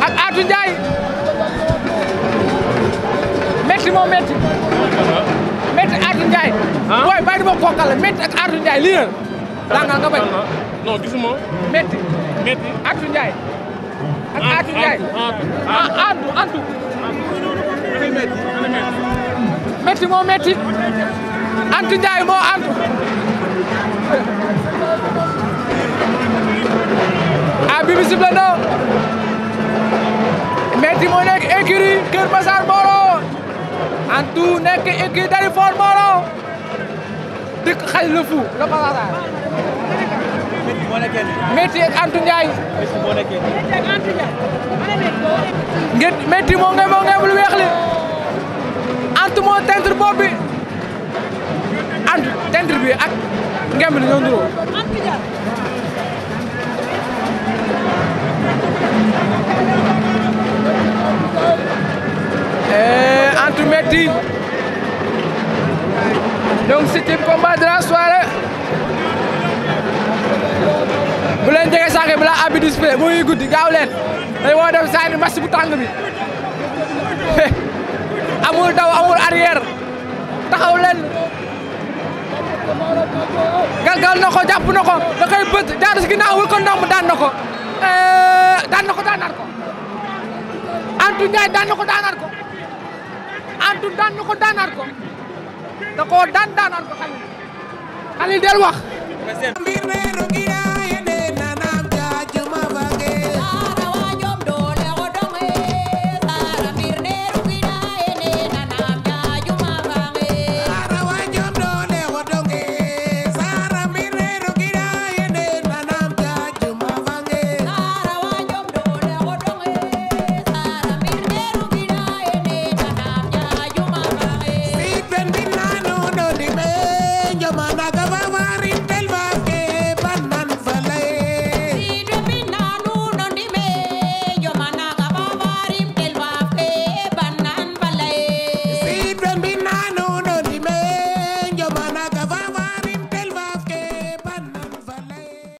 ak Atou Ndiaye métti moo métti métti Atou Ndiaye. ah booy bàyyi ma kookale métti ak Atou Ndiaye lii la. daanaka nga bañ non gisuma. métti métti Atou Ndiaye. ak Atou Ndiaye ah Atou Atou. métti moo métti Atou Ndiaye moo Atou. nekk Kër Massar Mboro Antou nekk écurie Dalifort Mboro dëkk xaj la fu la Massar métti ak Antou Ndiaye ngeen métti moo nge moo ngeem lu weex bi ak ngem li ñoo nuroo dit. Donc c'était le combat de la jege saako bi laa abidus muy guddi gaaw leen woo def saa match bu tàng amul daw amul arrière taxaw leen galgal na ko jàpp na ko da koy daan na eh, daan na ko daanaat ko Antou daan na ko Antou daan na ko daanaat ko da koo daan daanaat ko Khalil Khalil del wax.